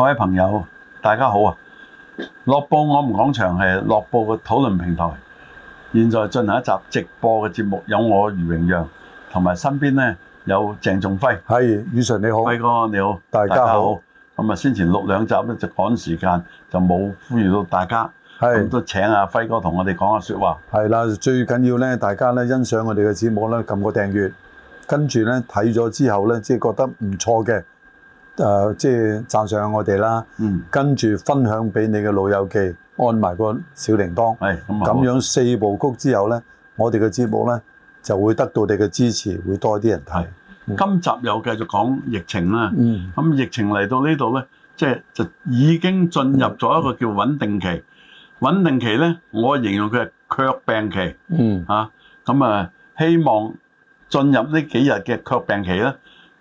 各位朋友，大家好啊！《樂報我們講場》係樂報嘅討論平台，現在進行一集直播嘅節目，有我余榮讓，同埋身邊呢有鄭仲輝。係，宇晨你好，輝哥你好，大家好。咁啊，先前錄兩集咧，就趕時間，就冇呼籲到大家。係的，都請阿輝哥同我哋講下說話。係啦，最緊要咧，大家咧欣賞我哋嘅節目咧，撳個訂閱，跟住咧睇咗之後咧，即係覺得唔錯嘅。誒、呃，即係讚賞我哋啦，嗯、跟住分享俾你嘅老友記，按埋個小鈴鐺，咁樣，樣四部曲之後呢，我哋嘅節目呢就會得到你嘅支持，會多啲人睇。是嗯、今集又繼續講疫情啦，咁、嗯、疫情嚟到呢度呢，即、就、係、是、就已經進入咗一個叫穩定期。嗯、穩定期呢，我形容佢係卻病期，咁、嗯、啊，啊，希望進入呢幾日嘅卻病期呢。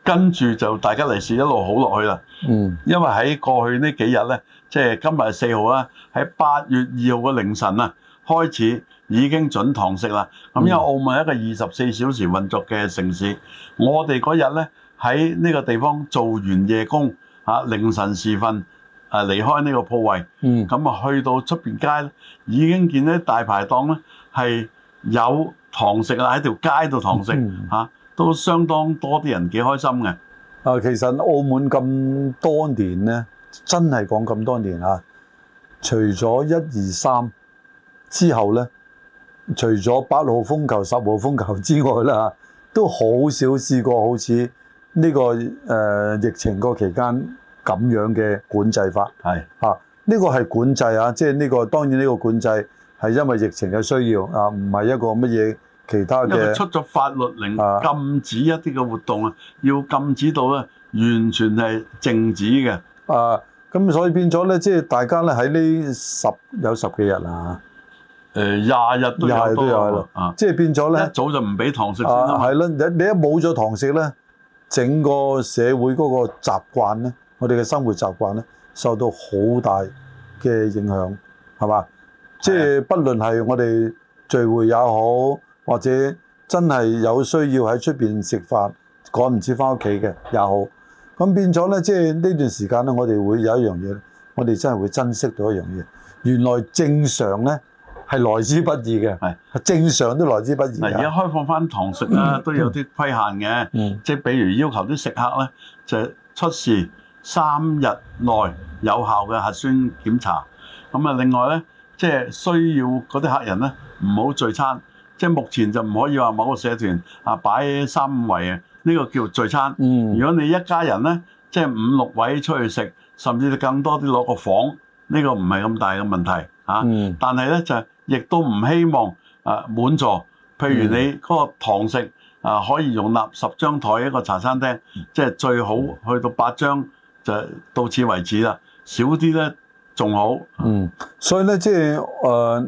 跟住就大家嚟試一路好落去啦。嗯，因為喺過去幾呢幾日呢，即係今日四號啦，喺八月二號嘅凌晨啊，開始已經準堂食啦。咁因為澳門係一個二十四小時運作嘅城市，我哋嗰日呢，喺呢個地方做完夜工、啊，凌晨時分啊離開呢個鋪位，嗯，咁啊去到出面街呢已經見到大排檔呢，係有堂食啦，喺條街度堂食、啊都相當多啲人幾開心嘅。啊，其實澳門咁多年咧，真係講咁多年啊，除咗一二三之後咧，除咗八號風球、十號風球之外啦，都好少試過好似呢個誒、呃、疫情個期間咁樣嘅管制法。係啊，呢個係管制啊，即係呢個當然呢個管制係因為疫情嘅需要啊，唔係一個乜嘢。其他的因為佢出咗法律令，令、啊、禁止一啲嘅活動啊，要禁止到咧，完全係靜止嘅。啊，咁所以變咗咧，即係大家咧，喺呢十有十幾日啦。誒廿、呃、日都有都有，廿日都有啊，即係變咗咧，一早就唔俾堂食先啦、啊。你一冇咗堂食咧，整個社會嗰個習慣咧，我哋嘅生活習慣咧，受到好大嘅影響，係嘛？即係不論係我哋聚會也好。或者真係有需要喺出面食飯，趕唔切翻屋企嘅又好，咁變咗咧，即係呢段時間咧，我哋會有一樣嘢，我哋真係會珍惜到一樣嘢，原來正常咧係來之不易嘅，是正常都來之不易。嗱，而家開放翻堂食咧、啊，都有啲規限嘅，嗯、即係比如要求啲食客咧就出示三日內有效嘅核酸檢查，咁啊另外咧，即係需要嗰啲客人咧唔好聚餐。即係目前就唔可以話某個社團啊擺三五圍啊，呢、這個叫聚餐。嗯，如果你一家人呢，即係五六位出去食，甚至更多啲攞個房，呢、這個唔係咁大嘅問題、啊嗯、但係呢，就亦都唔希望啊滿座。譬如你嗰個堂食、嗯、啊，可以容納十張台一個茶餐廳，嗯、即係最好去到八張就到此為止啦。少啲呢仲好。嗯，所以呢，即係誒。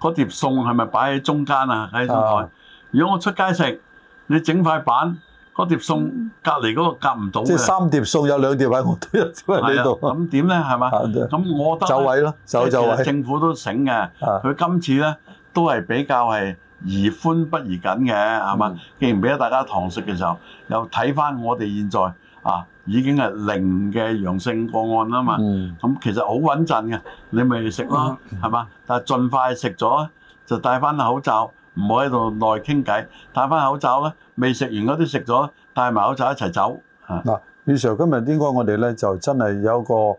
嗰碟餸係咪擺喺中間啊？喺中台。啊、如果我出街食，你整塊板，嗰碟餸隔離嗰個夾唔到即係三碟餸有兩碟喺我度，只喺度。咁點咧？係嘛？咁著我得走位咯，走走位。政府都醒嘅，佢今、啊、次咧都係比較係宜寬不宜緊嘅，係嘛？嗯、既然俾咗大家堂食嘅時候，又睇翻我哋現在啊。已經係零嘅陽性個案啊嘛，咁其實好穩陣嘅，你咪食咯，係嘛？但係盡快食咗，就戴翻口罩，唔好喺度內傾偈，戴翻口罩啦。未食完嗰啲食咗，戴埋口罩一齊走。嗱，李 Sir，今日應該我哋咧？就真係有一個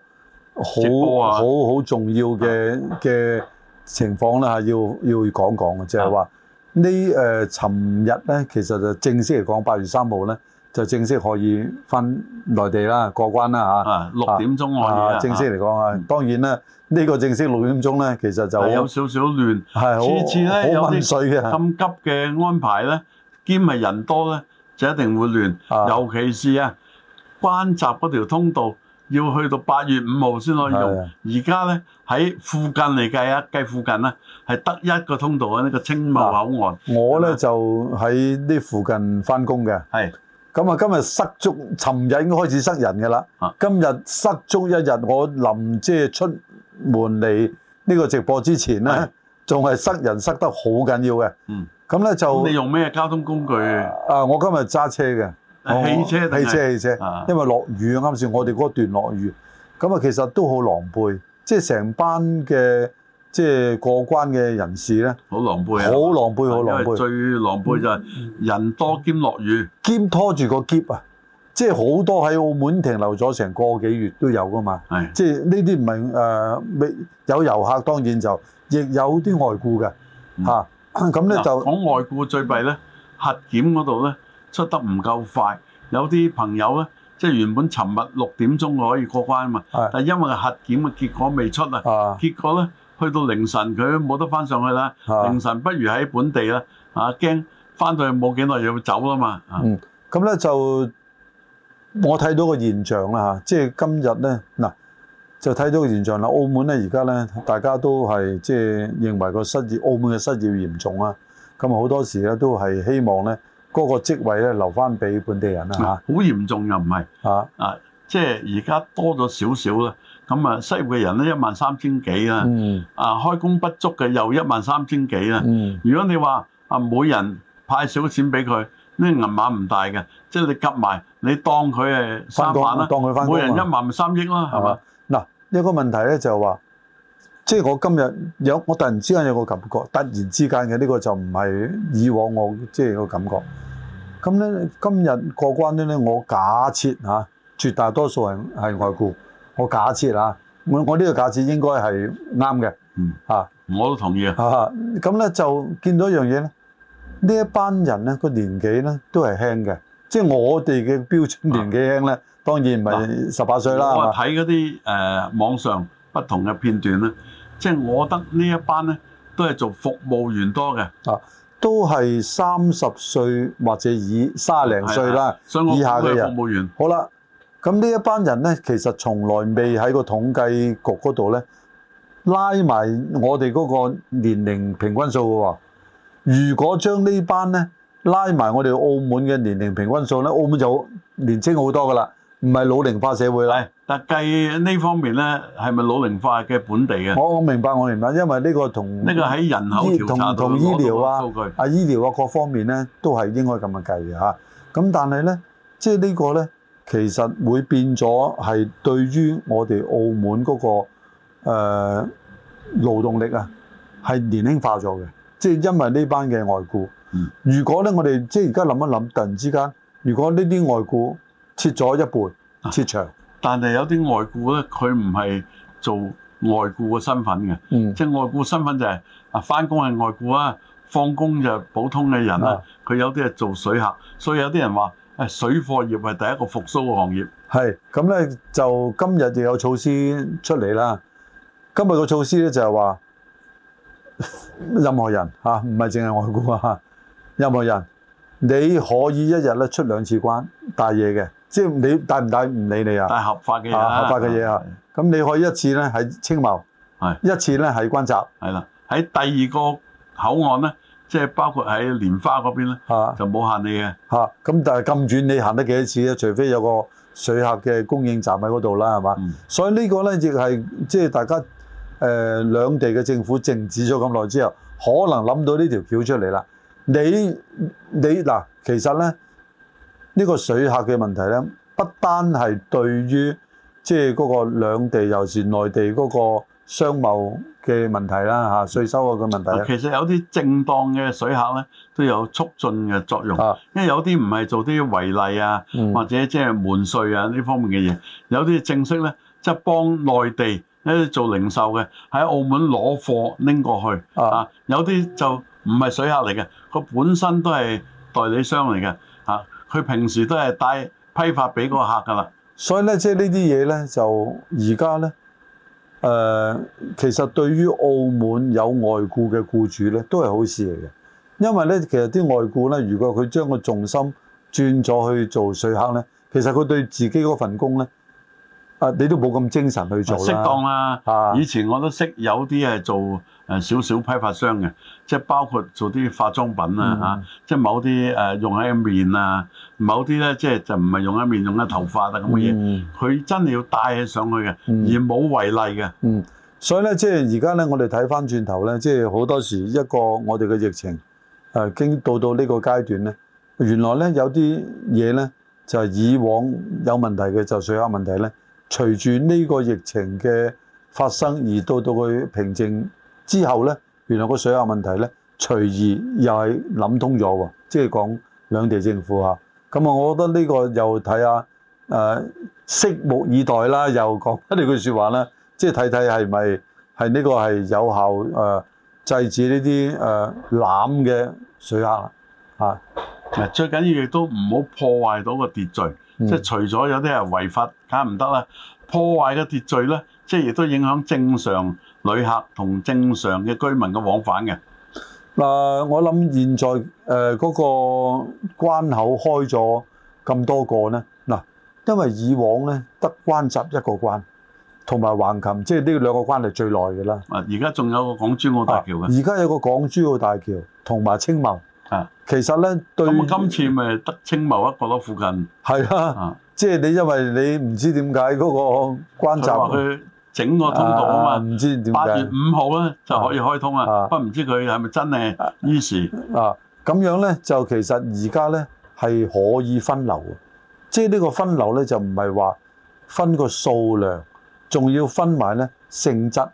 好好好重要嘅嘅情況啦，要要講講嘅，即係話呢誒，尋日咧，其實就正式嚟講，八月三號咧。就正式可以翻內地啦，過關啦嚇！六點鐘可以正式嚟講啊，當然啦，呢個正式六點鐘咧，其實就有少少亂。係，次次咧有啲水嘅咁急嘅安排咧，兼係人多咧，就一定會亂。尤其是啊，關閘嗰條通道要去到八月五號先可以用。而家咧喺附近嚟計啊，計附近啊，係得一個通道啊，呢個青茂口岸。我咧就喺呢附近翻工嘅。係。咁啊，今日塞足，尋日已經開始塞人㗎啦。今日塞足一日，我臨即係出門嚟呢個直播之前咧，仲係的塞人塞得好緊要嘅。嗯，咁咧就你用咩交通工具？啊，我今日揸車嘅，汽車、哦、汽車、汽車。因為落雨，啱先我哋嗰段落雨，咁啊，其實都好狼狽，即係成班嘅。即係過關嘅人士咧，好狼、啊、狼狽，好的狼狽，好狼狽。最狼狽就係人多兼落雨，嗯、兼拖住個劫啊！即係好多喺澳門停留咗成個幾月都有噶嘛。即係呢啲唔係誒未有遊客，當然就亦有啲外僱嘅嚇。咁咧、嗯啊、就講外僱最弊咧，核檢嗰度咧出得唔夠快，有啲朋友咧，即係原本尋日六點鐘可以過關啊嘛，的但係因為核檢嘅結果未出啊，的結果咧。去到凌晨佢冇得翻上去啦，啊、凌晨不如喺本地啦。啊，驚翻到去冇幾耐又要走啦嘛、啊嗯。嗯，咁咧就我睇到個現象啦吓、啊，即係今日咧嗱，就睇到個現象啦。澳門咧而家咧大家都係即係認為個失業澳門嘅失業嚴重啊。咁好多時咧都係希望咧嗰個職位咧留翻俾本地人啦吓。好嚴重又唔係吓啊，即係而家多咗少少啦。咁啊，失業嘅人咧一萬三千幾啦，嗯，啊開工不足嘅又一萬三千幾啦。嗯，如果你話啊，每人派少錢俾佢，呢個銀碼唔大嘅，即係你夾埋，你當佢誒翻工啦，當佢翻工啦，每人一萬三億啦，係嘛？嗱，一個問題咧就話，即係我今日有我突然之間有個感覺，突然之間嘅呢個就唔係以往我即係個感覺。咁咧今日過關咧，我假設嚇，啊，絕大多數係係外僱。我假設嚇，我我呢個假設應該係啱嘅。嗯，嚇，我都同意啊。咁咧就見到一樣嘢咧，呢一班人咧個年紀咧都係輕嘅，即係我哋嘅標準年紀輕咧，啊、當然唔係十八歲啦、啊。我睇嗰啲誒網上不同嘅片段咧，即係我覺得呢一班咧都係做服務員多嘅。啊，都係三十歲或者以卅零歲啦、啊、以，以下嘅人。服務員好啦。咁呢一班人咧，其實從來未喺個統計局嗰度咧拉埋我哋嗰個年齡平均數嘅喎。如果將呢班咧拉埋我哋澳門嘅年齡平均數咧，澳門就年青好多噶啦，唔係老齡化社會啦。但計呢方面咧，係咪老齡化嘅本地嘅？我我明白，我明白，因為呢個同呢個喺人口調查同醫療啊、醫療啊各方面咧，都係應該咁樣計嘅嚇。咁但係咧，即係呢個咧。其實會變咗係對於我哋澳門嗰個誒勞動力啊，係年輕化咗嘅，即係因為呢班嘅外僱。如果咧，我哋即係而家諗一諗，突然之間，如果呢啲外僱撤咗一半，撤場，但係有啲外僱咧，佢唔係做外僱嘅身份嘅，嗯、即係外僱身份就係啊翻工係外僱啊，放工就普通嘅人啊。佢有啲係做水客，所以有啲人話。水貨業係第一個復甦嘅行業。係咁咧，就今日就有措施出嚟啦。今日個措施咧就係話，任何人嚇唔係淨係外僱啊，任何人你可以一日咧出兩次關帶嘢嘅，即係你帶唔帶唔理你啊。帶合法嘅嘢啦，合法嘅嘢啊。咁、啊、你可以一次咧喺青茂，係一次咧喺關閘，係啦。喺第二個口岸咧。即係包括喺蓮花嗰邊咧，吓、啊、就冇限的、啊、你嘅吓。咁但係咁遠，你行得幾多次啊？除非有個水客嘅供應站喺嗰度啦，係嘛？嗯、所以這個呢個咧亦係即係大家誒兩、呃、地嘅政府靜止咗咁耐之後，可能諗到呢條橋出嚟啦。你你嗱、啊，其實咧呢、這個水客嘅問題咧，不單係對於即係個兩兩地，尤其是內地嗰個商貿。嘅問題啦嚇，稅收嗰個問題。啊、問題其實有啲正當嘅水客咧，都有促進嘅作用。啊，因為有啲唔係做啲違例啊，嗯、或者即係門稅啊呢方面嘅嘢。有啲正式咧，即、就、係、是、幫內地咧做零售嘅，喺澳門攞貨拎過去。啊，啊有啲就唔係水客嚟嘅，佢本身都係代理商嚟嘅。嚇、啊，佢平時都係帶批發俾個客㗎啦。所以咧，即係呢啲嘢咧，就而家咧。誒、呃，其實對於澳門有外雇嘅雇主呢都係好事嚟嘅，因為呢，其實啲外雇呢，如果佢將個重心轉咗去做水客呢，其實佢對自己嗰份工呢你都冇咁精神去做啦，適當啦、啊。啊、以前我都識有啲係做少少批發商嘅，即係包括做啲化妝品啊，、嗯、啊即係某啲、呃、用喺面啊，某啲咧即係就唔係用喺面用喺頭髮嘅咁嘅嘢，佢、嗯、真係要帶起上去嘅，嗯、而冇違例嘅。嗯，所以咧即係而家咧我哋睇翻轉頭咧，即係好多時一個我哋嘅疫情、啊、經到到呢個階段咧，原來咧有啲嘢咧就係、以往有問題嘅就水有問題咧。隨住呢個疫情嘅發生而到到佢平靜之後呢，原來個水客問題呢，隨而又係諗通咗喎，即係講兩地政府下咁啊，我覺得呢個又睇下誒，拭、啊、目以待啦。又講另一,一句説話啦，即係睇睇係咪係呢個係有效誒、啊、制止呢啲誒濫嘅水客啦、啊啊、最緊要亦都唔好破壞到個秩序。嗯、即係除咗有啲係違法，梗係唔得啦！破壞嘅秩序咧，即係亦都影響正常旅客同正常嘅居民嘅往返嘅。嗱、呃，我諗現在誒嗰、呃那個關口開咗咁多個咧。嗱，因為以往咧得關閘一個關，同埋橫琴，即係呢兩個關係最耐嘅啦。啊！而家仲有一個港珠澳大橋嘅。而家、啊、有一個港珠澳大橋同埋青茂。其實咧對咁今次咪得青茂一個咯，附近係啊。啊，即係你因為你唔知點解嗰個關閘佢整個通道啊嘛，唔、啊、知點解八月五號咧就可以開通啊，不過唔知佢係咪真係於是啊咁、啊啊、樣咧，就其實而家咧係可以分流嘅，即係呢個分流咧就唔係話分個數量，仲要分埋咧性質。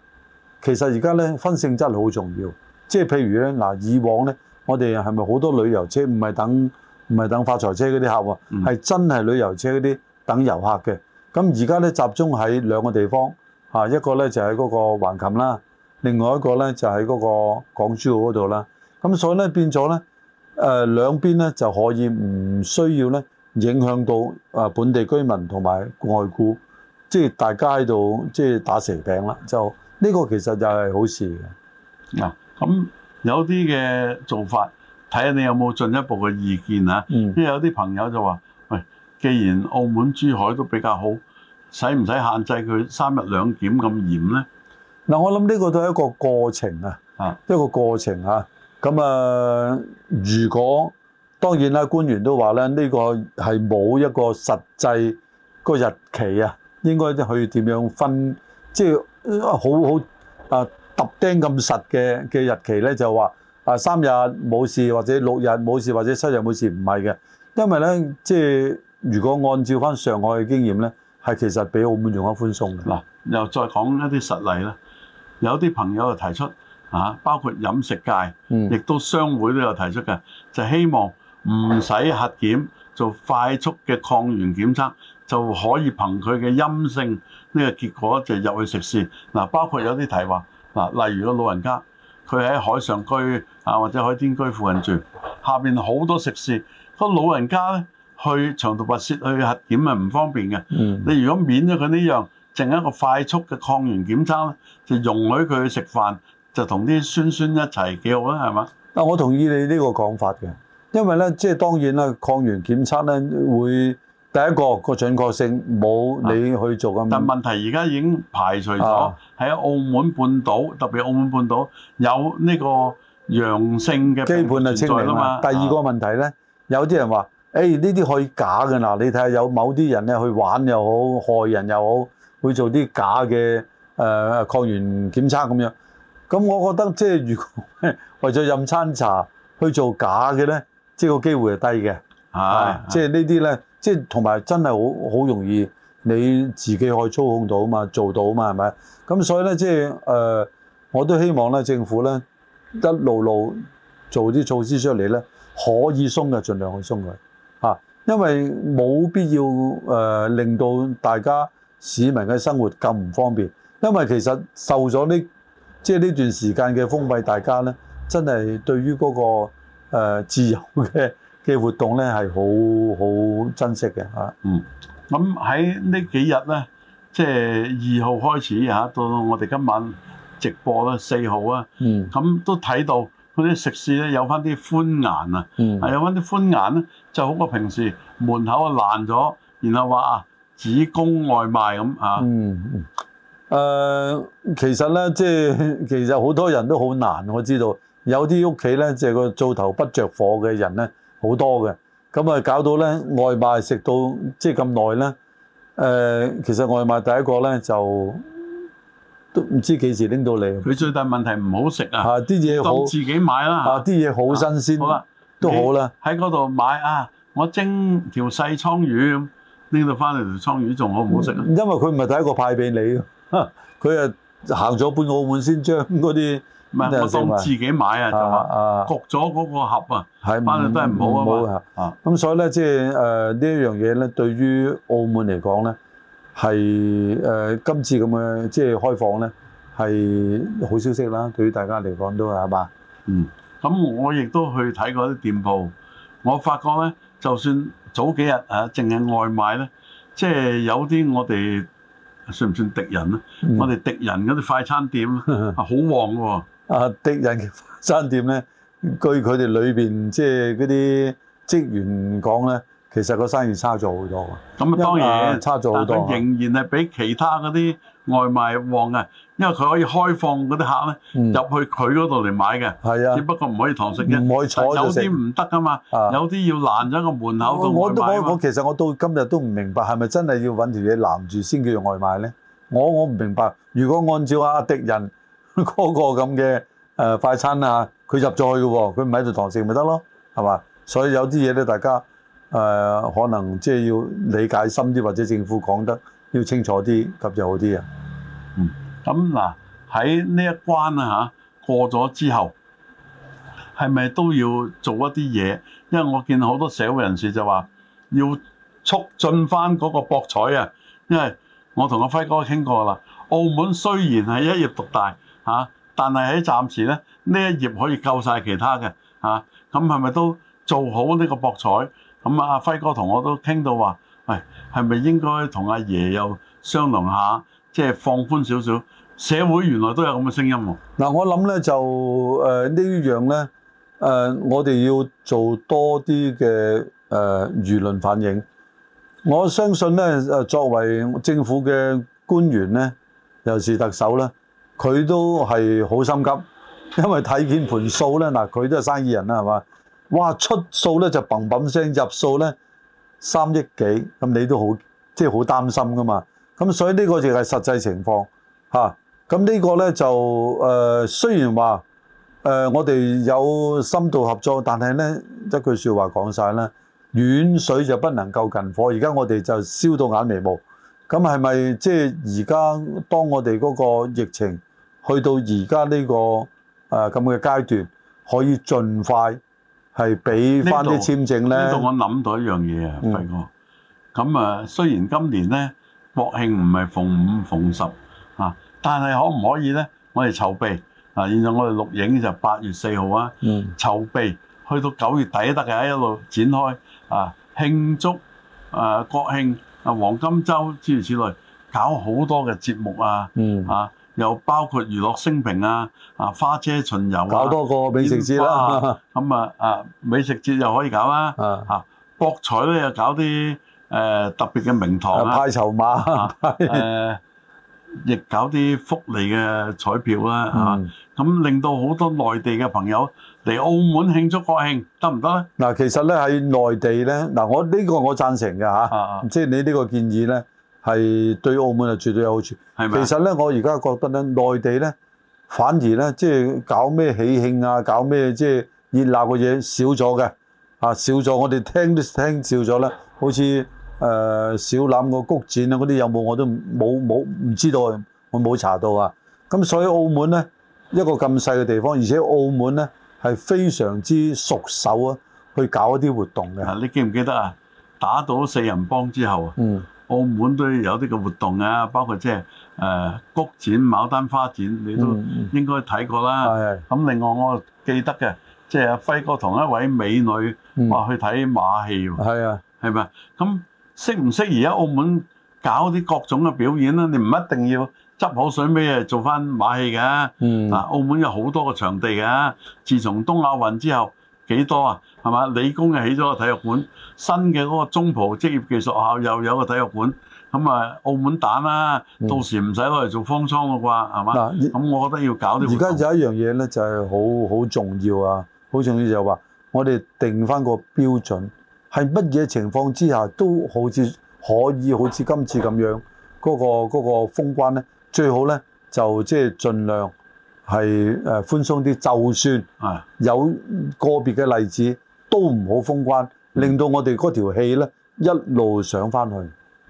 其實而家咧分性質好重要，即係譬如咧嗱、啊，以往咧。我哋係咪好多旅遊車？唔係等唔係等發財車嗰啲客喎、啊，係真係旅遊車嗰啲等遊客嘅。咁而家呢，集中喺兩個地方嚇，一個呢就喺、是、嗰個橫琴啦，另外一個呢就喺、是、嗰個港珠澳嗰度啦。咁所以呢，變咗呢誒兩邊呢就可以唔需要呢影響到誒本地居民同埋外僱，即、就、係、是、大家喺度即係打蛇餅啦。就呢、這個其實就係好事嘅嗱咁。啊有啲嘅做法，睇下你有冇進一步嘅意見啊？啲、嗯、有啲朋友就話：「喂，既然澳門、珠海都比較好，使唔使限制佢三日兩檢咁嚴咧？」嗱、嗯，我諗呢個都係一個過程啊，一個過程啊。咁、嗯、啊，如果當然啦，官員都話咧，呢、呢個係冇一個實際個日期啊，應該去點樣分，即係好好啊。揼釘咁實嘅嘅日期咧，就話啊，三日冇事，或者六日冇事，或者七日冇事，唔係嘅，因為咧即係如果按照翻上海嘅經驗咧，係其實比澳門仲加寬鬆嗱。又再講一啲實例啦。有啲朋友就提出啊，包括飲食界，亦都商會都有提出嘅，就係、希望唔使核檢，做快速嘅抗原檢測就可以憑佢嘅陰性呢個結果就入去食肆嗱。包括有啲提話。嗱，例如個老人家，佢喺海上居啊或者海天居附近住，下面好多食肆，個老人家咧去長途跋涉去核檢係唔方便嘅。嗯、你如果免咗佢呢樣，淨一個快速嘅抗原檢測咧，就容許佢去食飯，就同啲孫孫一齊幾好啊，係嘛？我同意你呢個講法嘅，因為咧即係當然啦，抗原檢測咧會。第一個個準確性冇你去做咁、啊，但問題而家已經排除咗喺、啊、澳門半島，特別澳門半島有呢個陽性嘅基本就清零、啊、第二個問題咧，有啲人話，誒呢啲可以假嘅嗱，你睇下有某啲人咧去玩又好，害人又好，會做啲假嘅、呃、抗原檢測咁樣。咁我覺得即係如果為咗飲餐茶去做假嘅咧，即係個機會係低嘅。嚇！即係呢啲咧。即係同埋真係好好容易你自己可以操控到嘛，做到嘛，係咪？咁所以咧，即係誒，我都希望咧，政府咧一路路做啲措施出嚟咧，可以鬆嘅盡量去鬆佢吓、啊，因為冇必要誒、呃、令到大家市民嘅生活咁唔方便。因為其實受咗呢即係呢段時間嘅封閉，大家咧真係對於嗰、嗰個、呃、自由嘅。嘅活動咧係好好珍惜嘅嚇，嗯。咁喺呢幾日咧，即係二號開始嚇，到到我哋今晚直播啦，四號啊，嗯。咁都睇到嗰啲食肆咧有返啲寬顏啊，嗯。係有返啲寬顏咧，就好過平時門口啊爛咗，然後話只供外賣咁嚇，啊、嗯嗯、呃。其實咧，即係其實好多人都好難，我知道有啲屋企咧，即係個灶頭不着火嘅人咧。好多嘅，咁啊搞到咧外賣食到即係咁耐咧。誒，其實外賣第一個咧就都唔知幾時拎到嚟。佢最大問題唔好食啊！啲嘢、啊、好自己買啦。啲嘢、啊、好新鮮。啦、啊，好都好啦。喺嗰度買啊！我蒸條細倉魚，拎到翻嚟條倉魚仲好唔好食啊？因為佢唔係第一個派俾你佢啊行咗半澳門先將嗰啲。唔係我當自己買啊，就話焗咗嗰個盒啊，係反正都係唔好啊，咁所以咧，即係誒呢一樣嘢咧，對於澳門嚟講咧，係誒今次咁嘅即係開放咧，係好消息啦，對於大家嚟講都係係嘛？嗯，咁我亦都去睇過啲店鋪，我發覺咧，就算早幾日啊，淨係外賣咧，即係有啲我哋算唔算敵人咧？我哋敵人嗰啲快餐店好旺嘅喎。阿狄、啊、人嘅飯山店咧，據佢哋裏邊即係嗰啲職員講咧，其實個生意差咗好多㗎。咁啊，當然差咗好多，多但仍然係比其他嗰啲外賣旺啊，因為佢可以開放嗰啲客咧入去佢嗰度嚟買嘅。係啊、嗯，只不過唔可以堂食啫，唔可以坐住食。有啲唔得㗎嘛，啊、有啲要攔咗個門口我，我都可以講，我其實我到今日都唔明白，係咪真係要揾條嘢攔住先叫做外賣咧？我我唔明白，如果按照阿、啊、迪人。嗰個咁嘅快餐啊，佢入咗去嘅喎，佢唔喺度堂食咪得咯，係嘛？所以有啲嘢咧，大家、呃、可能即係要理解深啲，或者政府講得要清楚啲，咁就好啲、嗯、啊。嗯，咁嗱喺呢一關啊嚇過咗之後，係咪都要做一啲嘢？因為我見到好多社會人士就話要促進翻嗰個博彩啊，因為我同阿輝哥傾過啦，澳門雖然係一業獨大。嚇、啊！但係喺暫時咧，呢一頁可以救晒其他嘅嚇。咁係咪都做好呢個博彩？咁啊，阿輝哥同我都聽到話，喂、哎，係咪應該同阿爺，爺又商量下，即、就、係、是、放寬少少？社會原來都有咁嘅聲音喎、啊。嗱、啊，我諗咧就誒、呃、呢樣咧誒，我哋要做多啲嘅誒輿論反應。我相信咧誒，作為政府嘅官員咧，又是特首啦。佢都係好心急，因為睇見盤數咧，嗱佢都係生意人啦，係、就是、嘛？哇出數咧就砰砰聲入數咧三億幾，咁你都好即係好擔心噶嘛？咁所以呢個就係實際情況嚇。咁、啊、呢個咧就誒、呃、雖然話誒、呃、我哋有深度合作，但係咧一句說話講晒啦，遠水就不能夠近火。而家我哋就燒到眼眉毛，咁係咪即係而家當我哋嗰個疫情？去到而家呢個誒咁嘅階段，可以盡快係俾翻啲簽證咧。呢度我諗到一樣嘢啊，輝哥。咁啊，雖然今年咧國慶唔係逢五逢十啊，但係可唔可以咧？我哋籌備啊，現在我哋錄影就八月四號啊。嗯。籌備去到九月底都得嘅，一路展開啊，慶祝啊國慶啊黃金週諸如此類，搞好多嘅節目啊。嗯。啊！又包括娛樂升平啊，啊花車巡遊啊，搞多個美食節啦，咁啊啊，啊美食節又可以搞啦，博彩咧又搞啲、呃、特別嘅名堂、啊、派籌碼，亦、啊啊、搞啲福利嘅彩票啦、啊，咁令到好多內地嘅朋友嚟澳門慶祝國慶得唔得咧？嗱，其實咧喺內地咧，嗱我呢個我贊成嘅、啊、嚇，即係你呢個建議咧。係對澳門係絕對有好處。係咪？其實咧，我而家覺得咧，內地咧反而咧，即係搞咩喜慶啊，搞咩即係熱鬧嘅嘢少咗嘅。啊，少咗我哋聽都聽少咗啦。好似誒小欖個菊展啊，嗰啲有冇我都冇冇唔知道，我冇查到啊。咁所以澳門咧一個咁細嘅地方，而且澳門咧係非常之熟手啊，去搞一啲活動嘅。你記唔記得啊？打倒四人幫之後啊，澳門都有啲嘅活動啊，包括即係誒菊展、牡丹花展，你都應該睇過啦。咁、嗯嗯、另外我記得嘅，即係阿輝哥同一位美女話去睇馬戲喎。係、嗯、啊，係咪？咁適唔適宜喺澳門搞啲各種嘅表演咧？你唔一定要執好水尾做翻馬戲㗎。嗯。澳門有好多個場地㗎。自從東亞運之後。幾多啊？係嘛？理工又起咗個體育館，新嘅嗰個中葡職業技術學校又有個體育館，咁啊，澳門蛋啦，到時唔使攞嚟做方艙㗎啩？係嘛？咁、嗯、我覺得要搞啲。而家有一樣嘢咧，就係好好重要啊，好重要就係話，我哋定翻個標準，係乜嘢情況之下都好似可以，好似今次咁樣嗰個嗰個封關咧，最好咧就即係盡量。係誒寬鬆啲，就算有個別嘅例子，都唔好封關，令到我哋嗰條氣咧一路上翻去。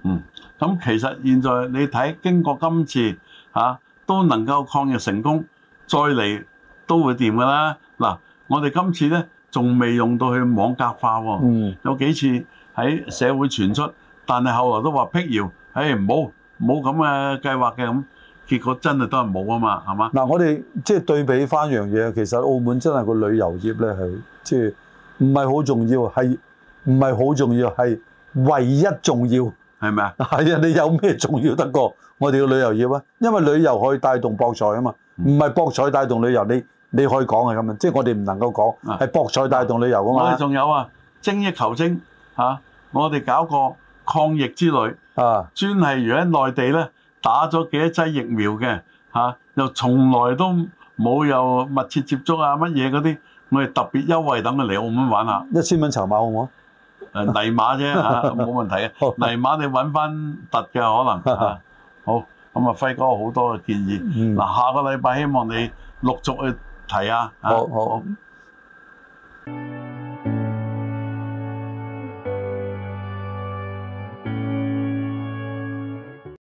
嗯，咁其實現在你睇，經過今次嚇都能夠抗疫成功，再嚟都會掂㗎啦。嗱，我哋今次咧仲未用到去網格化喎，有幾次喺社會傳出，但係後來都話闢謠，誒冇冇咁嘅計劃嘅咁。結果真係都係冇啊嘛，係嘛？嗱、啊，我哋即係對比翻樣嘢，其實澳門真係個旅遊業咧，係即係唔係好重要，係唔係好重要係唯一重要係咪啊？係啊嗎，你有咩重要得過我哋個旅遊業啊？因為旅遊可以帶動博彩啊嘛，唔係博彩帶動旅遊，你你可以講係咁樣，即係我哋唔能夠講係博彩帶動旅遊啊嘛。啊我哋仲有啊，精益求精嚇、啊，我哋搞個抗疫之旅啊，專係如果喺內地咧。打咗幾多劑疫苗嘅嚇、啊，又從來都冇有，有密切接觸啊乜嘢嗰啲，我哋特別優惠等佢嚟澳門玩下。一千蚊籌碼好唔好？誒泥馬啫嚇，冇問題嘅。泥馬你揾翻突嘅可能。 啊、好，咁啊輝哥好多嘅建議。嗱、 啊、下個禮拜希望你陸續去提下啊。好 好。好